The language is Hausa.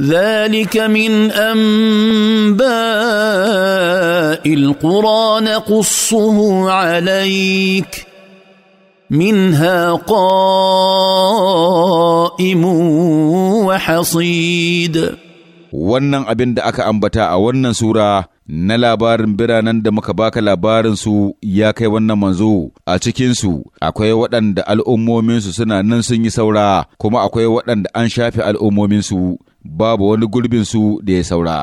ذلك من انباء القرى نقصه عليك منها قائم وحصيد wannan abin da aka ambata a wannan sura na labarin biranen da muka baka labarinsu ya kai wannan manzo a cikinsu akwai waɗanda al'ummominsu suna nan sun yi saura kuma akwai waɗanda an shafe al'ummominsu babu wani gurbinsu da ya saura.